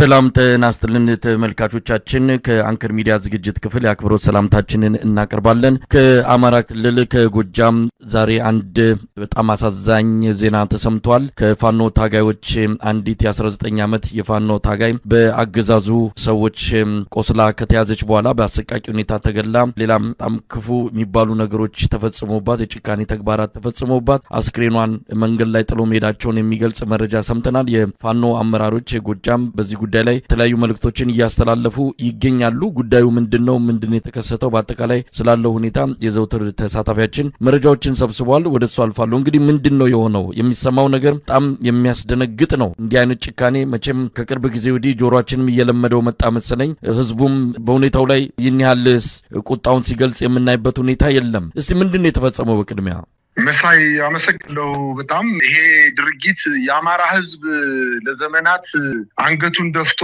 ሰላም ጤና ይስጥልን ተመልካቾቻችን፣ ከአንከር ሚዲያ ዝግጅት ክፍል የአክብሮት ሰላምታችንን እናቀርባለን። ከአማራ ክልል ከጎጃም ዛሬ አንድ በጣም አሳዛኝ ዜና ተሰምቷል። ከፋኖ ታጋዮች አንዲት የ19 ዓመት የፋኖ ታጋይ በአገዛዙ ሰዎች ቆስላ ከተያዘች በኋላ በአሰቃቂ ሁኔታ ተገላ፣ ሌላም በጣም ክፉ የሚባሉ ነገሮች ተፈጽሞባት፣ የጭካኔ ተግባራት ተፈጽሞባት አስክሬኗን መንገድ ላይ ጥሎ መሄዳቸውን የሚገልጽ መረጃ ሰምተናል። የፋኖ አመራሮች ጎጃም በዚህ ጉዳይ ላይ የተለያዩ መልእክቶችን እያስተላለፉ ይገኛሉ። ጉዳዩ ምንድን ነው? ምንድን የተከሰተው? በአጠቃላይ ስላለው ሁኔታ የዘውትር ተሳታፊያችን መረጃዎችን ሰብስቧል ወደ እሱ አልፋለሁ። እንግዲህ ምንድን ነው የሆነው? የሚሰማው ነገር በጣም የሚያስደነግጥ ነው። እንዲህ አይነት ጭካኔ መቼም ከቅርብ ጊዜ ወዲህ ጆሮችንም እየለመደው መጣ መሰለኝ። ህዝቡም በሁኔታው ላይ ይህን ያህል ቁጣውን ሲገልጽ የምናይበት ሁኔታ የለም። እስቲ ምንድን ነው የተፈጸመው? በቅድሚያ መሳይ አመሰግለው በጣም ይሄ ድርጊት የአማራ ህዝብ ለዘመናት አንገቱን ደፍቶ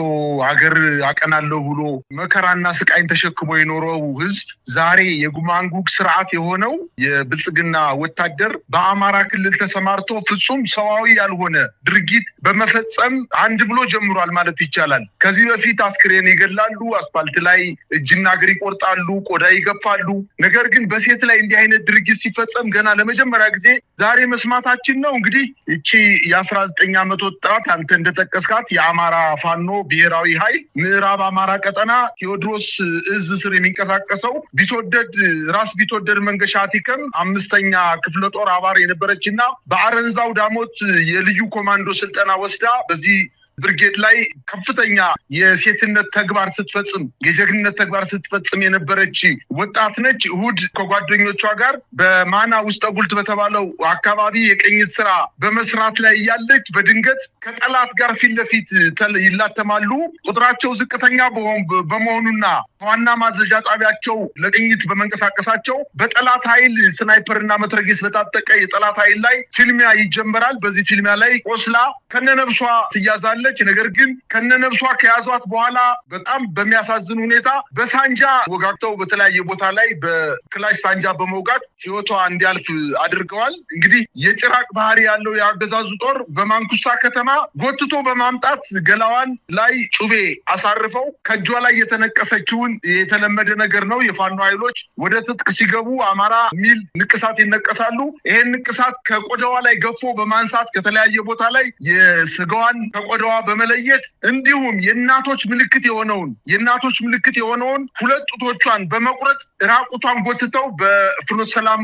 አገር አቀናለሁ ብሎ መከራና ስቃይን ተሸክሞ የኖረው ህዝብ ዛሬ የጉማንጉግ ስርዓት የሆነው የብልጽግና ወታደር በአማራ ክልል ተሰማርቶ ፍጹም ሰዋዊ ያልሆነ ድርጊት በመፈጸም አንድ ብሎ ጀምሯል ማለት ይቻላል። ከዚህ በፊት አስክሬን ይገላሉ፣ አስፋልት ላይ እጅና እግር ይቆርጣሉ፣ ቆዳ ይገፋሉ። ነገር ግን በሴት ላይ እንዲህ አይነት ድርጊት ሲፈጸም ገና ለመጀመ ለመጀመሪያ ጊዜ ዛሬ መስማታችን ነው። እንግዲህ እቺ የአስራ ዘጠኝ ዓመት ወጣት አንተ እንደጠቀስካት የአማራ ፋኖ ብሔራዊ ሀይል ምዕራብ አማራ ቀጠና ቴዎድሮስ እዝ ስር የሚንቀሳቀሰው ቢትወደድ ራስ ቢትወደድ መንገሻ ቲከም አምስተኛ ክፍለ ጦር አባር የነበረች እና በአረንዛው ዳሞት የልዩ ኮማንዶ ስልጠና ወስዳ በዚህ ብርጌድ ላይ ከፍተኛ የሴትነት ተግባር ስትፈጽም የጀግንነት ተግባር ስትፈጽም የነበረች ወጣት ነች። እሁድ ከጓደኞቿ ጋር በማና ውስጠ ጉልት በተባለው አካባቢ የቅኝት ስራ በመስራት ላይ እያለች በድንገት ከጠላት ጋር ፊት ለፊት ይላተማሉ። ቁጥራቸው ዝቅተኛ በመሆኑና ዋና ማዘዣ ጣቢያቸው ለቅኝት በመንቀሳቀሳቸው በጠላት ኃይል ስናይፐርና መትረጊስ በታጠቀ የጠላት ኃይል ላይ ፊልሚያ ይጀመራል። በዚህ ፊልሚያ ላይ ቆስላ ከነነብሷ ትያዛለች። ትችላለች። ነገር ግን ከነነብሷ ከያዟት በኋላ በጣም በሚያሳዝን ሁኔታ በሳንጃ ወጋግተው በተለያየ ቦታ ላይ በክላሽ ሳንጃ በመውጋት ህይወቷ እንዲያልፍ አድርገዋል። እንግዲህ የጭራቅ ባህሪ ያለው የአገዛዙ ጦር በማንኩሳ ከተማ ጎትቶ በማምጣት ገላዋን ላይ ጩቤ አሳርፈው ከእጇ ላይ የተነቀሰችውን የተለመደ ነገር ነው። የፋኖ ኃይሎች ወደ ትጥቅ ሲገቡ አማራ የሚል ንቅሳት ይነቀሳሉ። ይሄን ንቅሳት ከቆዳዋ ላይ ገፎ በማንሳት ከተለያየ ቦታ ላይ የስጋዋን ከቆዳዋ በመለየት እንዲሁም የእናቶች ምልክት የሆነውን የእናቶች ምልክት የሆነውን ሁለት ጡቶቿን በመቁረጥ ራቁቷን ጎትተው በፍኖት ሰላም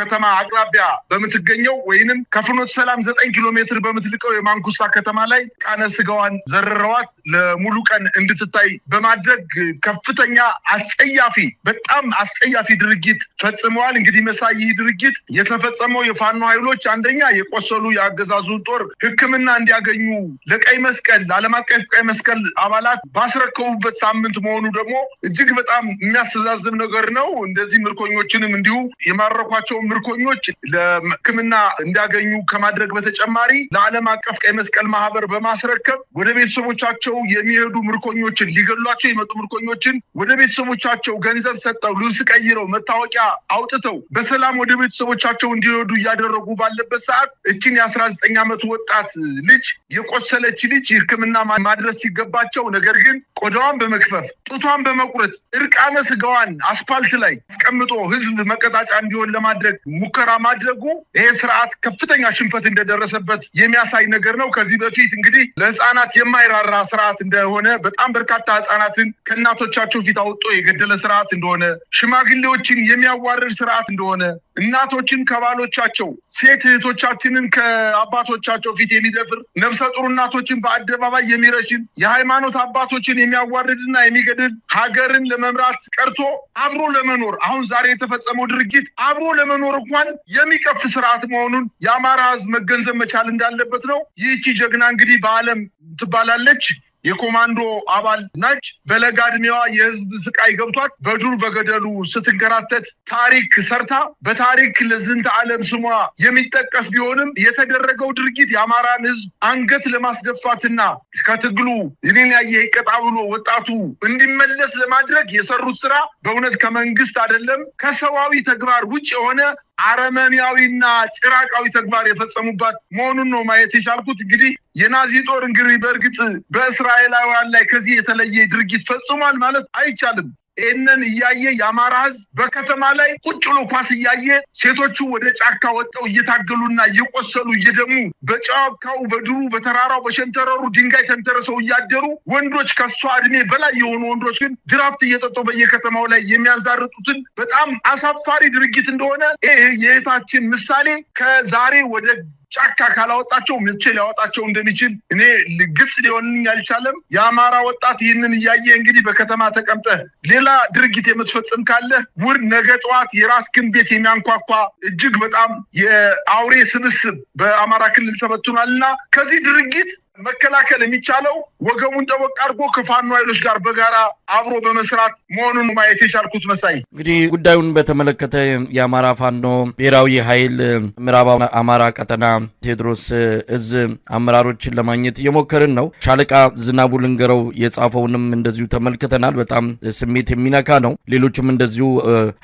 ከተማ አቅራቢያ በምትገኘው ወይንም ከፍኖት ሰላም ዘጠኝ ኪሎ ሜትር በምትልቀው የማንኩሳ ከተማ ላይ ቃነ ስጋዋን ዘርረዋት ለሙሉ ቀን እንድትታይ በማድረግ ከፍተኛ አስጸያፊ በጣም አስጸያፊ ድርጊት ፈጽመዋል። እንግዲህ መሳይ ይህ ድርጊት የተፈጸመው የፋኖ ኃይሎች አንደኛ የቆሰሉ የአገዛዙን ጦር ሕክምና እንዲያገኙ ለቀይ መስቀል ለዓለም አቀፍ ቀይ መስቀል አባላት ባስረከቡበት ሳምንት መሆኑ ደግሞ እጅግ በጣም የሚያስተዛዝብ ነገር ነው። እንደዚህ ምርኮኞችንም እንዲሁ የማረኳቸው ምርኮኞች ለህክምና እንዲያገኙ ከማድረግ በተጨማሪ ለዓለም አቀፍ ቀይ መስቀል ማህበር በማስረከብ ወደ ቤተሰቦቻቸው የሚሄዱ ምርኮኞችን ሊገሏቸው የመጡ ምርኮኞችን ወደ ቤተሰቦቻቸው ገንዘብ ሰጠው ልብስ ቀይረው መታወቂያ አውጥተው በሰላም ወደ ቤተሰቦቻቸው እንዲሄዱ እያደረጉ ባለበት ሰዓት እችን የአስራ ዘጠኝ ዓመት ወጣት ልጅ የቆሰለች ልጅ ሕክምና ማድረስ ሲገባቸው ነገር ግን ቆዳዋን በመክፈፍ ጡቷን በመቁረጥ እርቃነ ስጋዋን አስፓልት ላይ አስቀምጦ ሕዝብ መቀጣጫ እንዲሆን ለማድረግ ሙከራ ማድረጉ ይሄ ስርዓት ከፍተኛ ሽንፈት እንደደረሰበት የሚያሳይ ነገር ነው። ከዚህ በፊት እንግዲህ ለሕፃናት የማይራራ ስርዓት እንደሆነ በጣም በርካታ ሕፃናትን ከእናቶቻቸው ፊት አውጦ የገደለ ስርዓት እንደሆነ፣ ሽማግሌዎችን የሚያዋርድ ስርዓት እንደሆነ፣ እናቶችን ከባሎቻቸው ሴት እህቶቻችንን ከአባቶቻቸው ፊት የሚደፍር ነፍሰ ጡር እናቶችን በአደባባይ የሚረሽን የሃይማኖት አባቶችን የሚያዋርድና የሚገድል ሀገርን ለመምራት ቀርቶ አብሮ ለመኖር አሁን ዛሬ የተፈጸመው ድርጊት አብሮ ለመኖር እንኳን የሚቀፍ ስርዓት መሆኑን የአማራ ህዝብ መገንዘብ መቻል እንዳለበት ነው። ይህቺ ጀግና እንግዲህ በዓለም ትባላለች። የኮማንዶ አባል ናች። በለጋ እድሜዋ የህዝብ ስቃይ ገብቷት በዱር በገደሉ ስትንከራተት ታሪክ ሰርታ በታሪክ ለዝንተ ዓለም ስሟ የሚጠቀስ ቢሆንም የተደረገው ድርጊት የአማራን ህዝብ አንገት ለማስደፋትና ከትግሉ ይህንን ያየ ይቀጣ ብሎ ወጣቱ እንዲመለስ ለማድረግ የሰሩት ስራ በእውነት ከመንግስት አይደለም ከሰዋዊ ተግባር ውጭ የሆነ አረመኒያዊና ጭራቃዊ ተግባር የፈጸሙባት መሆኑን ነው ማየት የቻልኩት። እንግዲህ የናዚ ጦር እንግዲህ በእርግጥ በእስራኤላውያን ላይ ከዚህ የተለየ ድርጊት ፈጽሟል ማለት አይቻልም። ይህንን እያየ የአማራ ህዝብ በከተማ ላይ ቁጭ ብሎ ኳስ እያየ ሴቶቹ ወደ ጫካ ወጠው እየታገሉና እየቆሰሉ እየደሙ በጫካው በድሩ በተራራው በሸንተረሩ ድንጋይ ተንተረሰው እያደሩ ወንዶች ከሷ እድሜ በላይ የሆኑ ወንዶች ግን ድራፍት እየጠጡ በየከተማው ላይ የሚያዛርጡትን በጣም አሳፋሪ ድርጊት እንደሆነ ይህ የእህታችን ምሳሌ ከዛሬ ወደ ጫካ ካላወጣቸው መቼ ሊያወጣቸው እንደሚችል እኔ ግልጽ ሊሆንኝ አልቻለም። የአማራ ወጣት ይህንን እያየ እንግዲህ በከተማ ተቀምጠ ሌላ ድርጊት የምትፈጽም ካለ ውር ነገ ጠዋት የራስህን ቤት የሚያንኳኳ እጅግ በጣም የአውሬ ስብስብ በአማራ ክልል ተበትኗልና ከዚህ ድርጊት መከላከል የሚቻለው ወገቡን ጠበቅ አድርጎ ከፋኖ ኃይሎች ጋር በጋራ አብሮ በመስራት መሆኑን ማየት የቻልኩት መሳይ። እንግዲህ ጉዳዩን በተመለከተ የአማራ ፋኖ ብሔራዊ ኃይል ምዕራብ አማራ ቀጠና ቴዎድሮስ እዝ አመራሮችን ለማግኘት እየሞከርን ነው። ሻለቃ ዝናቡ ልንገረው የጻፈውንም እንደዚሁ ተመልክተናል። በጣም ስሜት የሚነካ ነው። ሌሎችም እንደዚሁ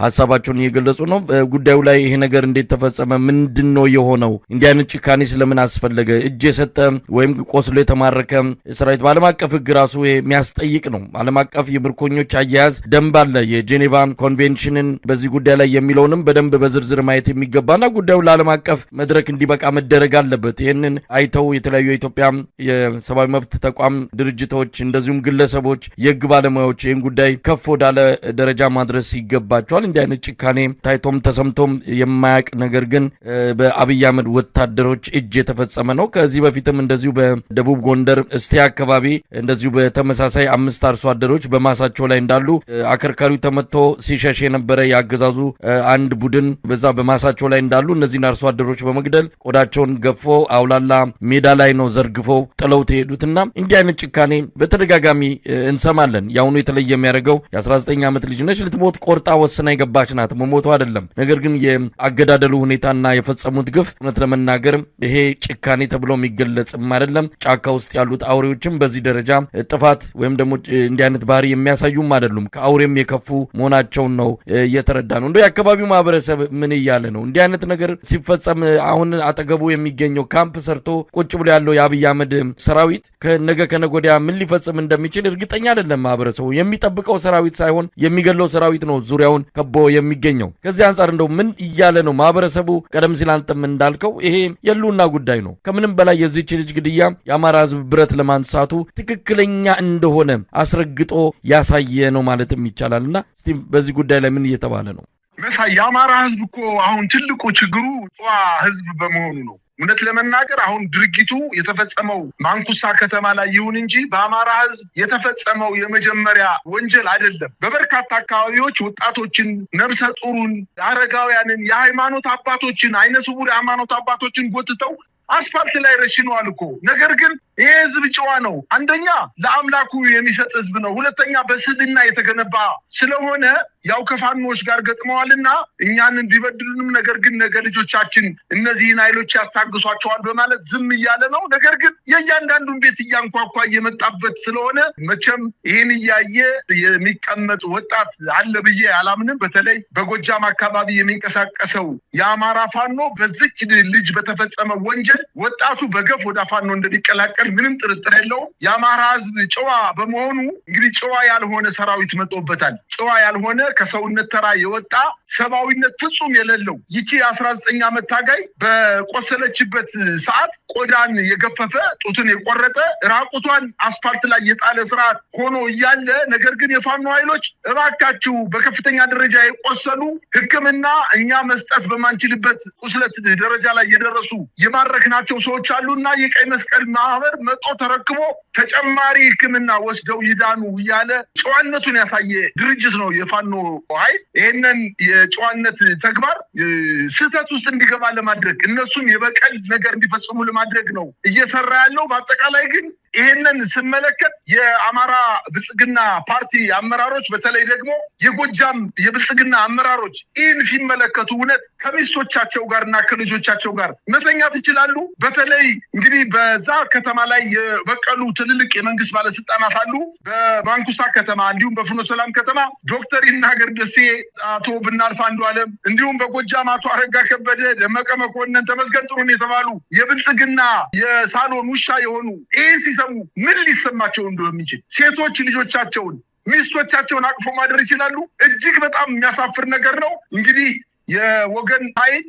ሀሳባቸውን እየገለጹ ነው። ጉዳዩ ላይ ይሄ ነገር እንዴት ተፈጸመ? ምንድን ነው የሆነው? እንዲህ አይነት ጭካኔ ስለምን አስፈለገ? እጅ የሰጠ ወይም ቆስሎ የተማረከ ሰራዊት በዓለም አቀፍ ህግ ራሱ የሚያስጠይቅ ነው። ዓለም አቀፍ የምርኮኞች አያያዝ ደንብ አለ። የጄኔቫ ኮንቬንሽንን በዚህ ጉዳይ ላይ የሚለውንም በደንብ በዝርዝር ማየት የሚገባና ጉዳዩ ለዓለም አቀፍ መድረክ እንዲበቃ መደረግ አለበት። ይህንን አይተው የተለያዩ የኢትዮጵያ የሰብአዊ መብት ተቋም ድርጅቶች፣ እንደዚሁም ግለሰቦች፣ የህግ ባለሙያዎች ይህን ጉዳይ ከፍ ወዳለ ደረጃ ማድረስ ይገባቸዋል። እንዲህ አይነት ጭካኔ ታይቶም ተሰምቶም የማያውቅ ነገር ግን በአብይ አህመድ ወታደሮች እጅ የተፈጸመ ነው። ከዚህ በፊትም እንደዚሁ ደቡብ ጎንደር እስቴ አካባቢ እንደዚሁ በተመሳሳይ አምስት አርሶ አደሮች በማሳቸው ላይ እንዳሉ አከርካሪው ተመቶ ሲሸሽ የነበረ የአገዛዙ አንድ ቡድን በዛ በማሳቸው ላይ እንዳሉ እነዚህን አርሶ አደሮች በመግደል ቆዳቸውን ገፎ አውላላ ሜዳ ላይ ነው ዘርግፎ ጥለው ተሄዱትና እንዲህ አይነት ጭካኔ በተደጋጋሚ እንሰማለን። የአሁኑ የተለየ የሚያደርገው የ19 ዓመት ልጅ ነች። ልትሞት ቆርጣ ወስና የገባች ናት። መሞቱ አይደለም። ነገር ግን የአገዳደሉ ሁኔታና የፈጸሙት ግፍ እውነት ለመናገር ይሄ ጭካኔ ተብሎ የሚገለጽም አይደለም። ጫካ ውስጥ ያሉት አውሬዎችም በዚህ ደረጃ ጥፋት ወይም ደግሞ እንዲህ አይነት ባህሪ የሚያሳዩም አይደሉም። ከአውሬም የከፉ መሆናቸውን ነው እየተረዳ ነው። እንደ የአካባቢው ማህበረሰብ ምን እያለ ነው? እንዲህ አይነት ነገር ሲፈጸም አሁን አጠገቡ የሚገኘው ካምፕ ሰርቶ ቁጭ ብሎ ያለው የአብይ አህመድ ሰራዊት ነገ ከነጎዲያ ምን ሊፈጽም እንደሚችል እርግጠኛ አይደለም። ማህበረሰቡ የሚጠብቀው ሰራዊት ሳይሆን የሚገለው ሰራዊት ነው ዙሪያውን ከቦ የሚገኘው። ከዚህ አንጻር እንደው ምን እያለ ነው ማህበረሰቡ? ቀደም ሲል አንተም እንዳልከው ይሄ የሉና ጉዳይ ነው። ከምንም በላይ የዚህች ልጅ ግድያ የአማራ ህዝብ ብረት ለማንሳቱ ትክክለኛ እንደሆነ አስረግጦ ያሳየ ነው ማለትም ይቻላል። እና እስቲ በዚህ ጉዳይ ላይ ምን እየተባለ ነው? መሳይ የአማራ ህዝብ እኮ አሁን ትልቁ ችግሩ ጨዋ ህዝብ በመሆኑ ነው። እውነት ለመናገር አሁን ድርጊቱ የተፈጸመው ማንኩሳ ከተማ ላይ ይሁን እንጂ በአማራ ህዝብ የተፈጸመው የመጀመሪያ ወንጀል አይደለም። በበርካታ አካባቢዎች ወጣቶችን፣ ነብሰ ጡሩን፣ አረጋውያንን፣ የሃይማኖት አባቶችን፣ አይነ ስውር የሃይማኖት አባቶችን ጎትተው አስፋልት ላይ ረሽነዋል እኮ ነገር ግን ይህ ህዝብ ጨዋ ነው። አንደኛ ለአምላኩ የሚሰጥ ህዝብ ነው። ሁለተኛ በስዕልና የተገነባ ስለሆነ ያው ከፋኖች ጋር ገጥመዋልና እኛን እንዲበድሉንም ነገር ግን ነገ ልጆቻችን እነዚህን ኃይሎች ያስታግሷቸዋል በማለት ዝም እያለ ነው። ነገር ግን የእያንዳንዱን ቤት እያንኳኳ እየመጣበት ስለሆነ መቼም ይህን እያየ የሚቀመጥ ወጣት አለ ብዬ አላምንም። በተለይ በጎጃም አካባቢ የሚንቀሳቀሰው የአማራ ፋኖ በዚች ልጅ በተፈጸመ ወንጀል ወጣቱ በገፍ ወደ ፋኖ እንደሚቀላቀል ላይ ምንም ጥርጥር የለውም። የአማራ ህዝብ ጨዋ በመሆኑ እንግዲህ ጨዋ ያልሆነ ሰራዊት መጦበታል። ጨዋ ያልሆነ ከሰውነት ተራ የወጣ ሰብአዊነት ፍጹም የሌለው ይቺ አስራ ዘጠኝ ዓመት ታጋይ በቆሰለችበት ሰዓት ቆዳን የገፈፈ ጡትን የቆረጠ ራቁቷን አስፋልት ላይ የጣለ ስርዓት ሆኖ እያለ ነገር ግን የፋኖ ኃይሎች እባካችሁ በከፍተኛ ደረጃ የቆሰሉ ሕክምና እኛ መስጠት በማንችልበት ቁስለት ደረጃ ላይ የደረሱ የማረክናቸው ሰዎች አሉና የቀይ መስቀል ማህበር መጦ ተረክቦ ተጨማሪ ህክምና ወስደው ይዳኑ እያለ ጨዋነቱን ያሳየ ድርጅት ነው የፋኖ ኃይል። ይህንን የጨዋነት ተግባር ስህተት ውስጥ እንዲገባ ለማድረግ እነሱም የበቀል ነገር እንዲፈጽሙ ለማድረግ ነው እየሰራ ያለው። በአጠቃላይ ግን ይህንን ስመለከት የአማራ ብልጽግና ፓርቲ አመራሮች በተለይ ደግሞ የጎጃም የብልጽግና አመራሮች ይህን ሲመለከቱ እውነት ከሚስቶቻቸው ጋር እና ከልጆቻቸው ጋር መተኛት ይችላሉ? በተለይ እንግዲህ በዛ ከተማ ላይ የበቀሉ ትልልቅ የመንግስት ባለስልጣናት አሉ። በማንኩሳ ከተማ እንዲሁም በፍኖ ሰላም ከተማ ዶክተር ይናገር ደሴ፣ አቶ ብናልፍ አንዱ አለም እንዲሁም በጎጃም አቶ አረጋ ከበደ፣ ደመቀ መኮንን፣ ተመስገን ጥሩን የተባሉ የብልጽግና የሳሎን ውሻ የሆኑ ይህን ሲሰሙ ምን ሊሰማቸው እንደሚችል ሴቶች ልጆቻቸውን ሚስቶቻቸውን አቅፎ ማደር ይችላሉ። እጅግ በጣም የሚያሳፍር ነገር ነው። እንግዲህ የወገን ኃይል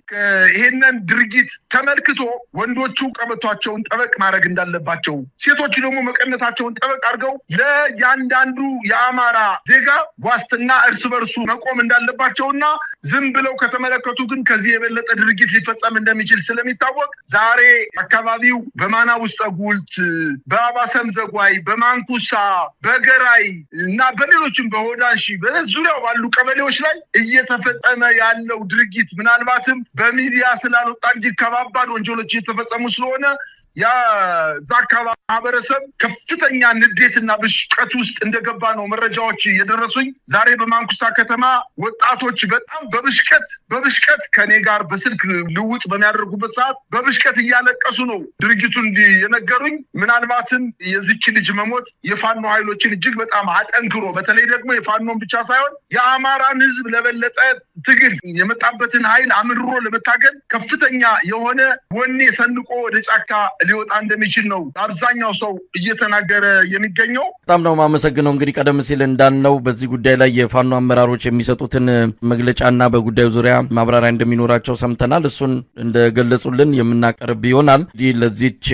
ይሄንን ድርጊት ተመልክቶ ወንዶቹ ቀበቷቸውን ጠበቅ ማድረግ እንዳለባቸው፣ ሴቶቹ ደግሞ መቀነታቸውን ጠበቅ አድርገው ለእያንዳንዱ የአማራ ዜጋ ዋስትና እርስ በርሱ መቆም እንዳለባቸውና ዝም ብለው ከተመለከቱ ግን ከዚህ የበለጠ ድርጊት ሊፈጸም እንደሚችል ስለሚታወቅ ዛሬ አካባቢው በማና ውስጠ ጉልት፣ በአባሰም ዘጓይ፣ በማንኩሳ፣ በገራይ እና በሌሎችም በሆዳንሺ በዙሪያው ባሉ ቀበሌዎች ላይ እየተፈጸመ ያለው ድርጊት ምናልባትም በሚዲያ ስላልወጣ እንጂ ከባባድ ወንጀሎች እየተፈጸሙ ስለሆነ የዛ አካባቢ ማህበረሰብ ከፍተኛ ንዴትና ብሽቀት ውስጥ እንደገባ ነው መረጃዎች የደረሱኝ። ዛሬ በማንኩሳ ከተማ ወጣቶች በጣም በብሽቀት በብሽቀት ከኔ ጋር በስልክ ልውጥ በሚያደርጉበት ሰዓት በብሽቀት እያለቀሱ ነው ድርጊቱን የነገሩኝ። ምናልባትም የዚች ልጅ መሞት የፋኖ ኃይሎችን እጅግ በጣም አጠንክሮ በተለይ ደግሞ የፋኖን ብቻ ሳይሆን የአማራን ህዝብ ለበለጠ ትግል የመጣበትን ኃይል አምድሮ ለመታገል ከፍተኛ የሆነ ወኔ ሰንቆ ወደ ጫካ ሊወጣ እንደሚችል ነው አብዛኛው ሰው እየተናገረ የሚገኘው። በጣም ነው የማመሰግነው። እንግዲህ ቀደም ሲል እንዳልነው በዚህ ጉዳይ ላይ የፋኖ አመራሮች የሚሰጡትን መግለጫና በጉዳዩ ዙሪያ ማብራሪያ እንደሚኖራቸው ሰምተናል። እሱን እንደገለጹልን የምናቀርብ ይሆናል። እንግዲህ ለዚች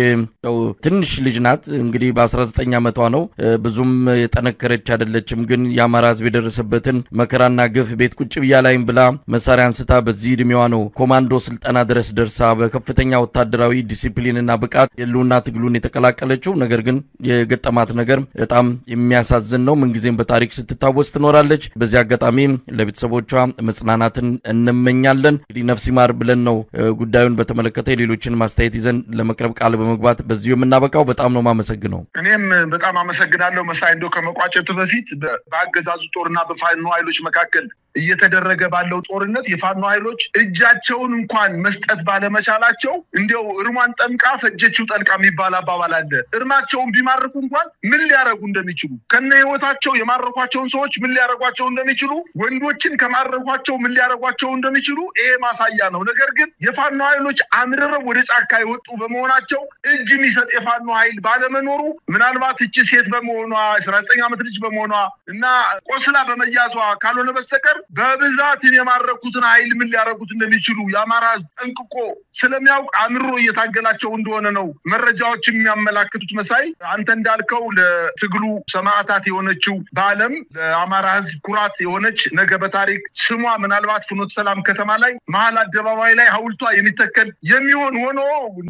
ትንሽ ልጅ ናት እንግዲህ በ19 ዓመቷ ነው ብዙም የጠነከረች አይደለችም። ግን የአማራ ህዝብ የደረሰበትን መከራና ግፍ ቤት ቁጭ ብያ ላይም ብላ መሳሪያ አንስታ በዚህ እድሜዋ ነው ኮማንዶ ስልጠና ድረስ ደርሳ በከፍተኛ ወታደራዊ ዲሲፕሊንና ብቃ የህልውና ትግሉን የተቀላቀለችው። ነገር ግን የገጠማት ነገር በጣም የሚያሳዝን ነው። ምንጊዜም በታሪክ ስትታወስ ትኖራለች። በዚህ አጋጣሚ ለቤተሰቦቿ መጽናናትን እንመኛለን። እንግዲህ ነፍስ ይማር ብለን ነው ጉዳዩን በተመለከተ የሌሎችን ማስተያየት ይዘን ለመቅረብ ቃል በመግባት በዚሁ የምናበቃው። በጣም ነው ማመሰግነው። እኔም በጣም አመሰግናለሁ መሳይ። እንደው ከመቋጨቱ በፊት በአገዛዙ ጦርና በፋኖ ኃይሎች መካከል እየተደረገ ባለው ጦርነት የፋኖ ኃይሎች እጃቸውን እንኳን መስጠት ባለመቻላቸው እንዲው እርሟን ጠምቃ ፈጀችው ጠልቃ የሚባል አባባል አለ። እርማቸውን ቢማርኩ እንኳን ምን ሊያረጉ እንደሚችሉ ከነ ህይወታቸው የማረኳቸውን ሰዎች ምን ሊያረጓቸው እንደሚችሉ ወንዶችን ከማረኳቸው ምን ሊያረጓቸው እንደሚችሉ ይሄ ማሳያ ነው። ነገር ግን የፋኖ ኃይሎች አምርረው ወደ ጫካ የወጡ በመሆናቸው እጅ የሚሰጥ የፋኖ ኃይል ባለመኖሩ ምናልባት እች ሴት በመሆኗ አስራ ዘጠኝ ዓመት ልጅ በመሆኗ እና ቆስላ በመያዟ ካልሆነ በስተቀር በብዛት የማረኩትን ኃይል ምን ሊያደረጉት እንደሚችሉ የአማራ ህዝብ ጠንቅቆ ስለሚያውቅ አምሮ እየታገላቸው እንደሆነ ነው መረጃዎች የሚያመላክቱት። መሳይ አንተ እንዳልከው ለትግሉ ሰማዕታት የሆነችው በዓለም ለአማራ ህዝብ ኩራት የሆነች ነገ በታሪክ ስሟ ምናልባት ፍኖተ ሰላም ከተማ ላይ መሀል አደባባይ ላይ ሀውልቷ የሚተከል የሚሆን ሆኖ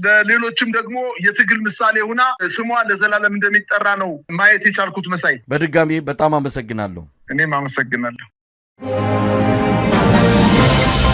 ለሌሎችም ደግሞ የትግል ምሳሌ ሆና ስሟ ለዘላለም እንደሚጠራ ነው ማየት የቻልኩት። መሳይ በድጋሚ በጣም አመሰግናለሁ። እኔም አመሰግናለሁ። Música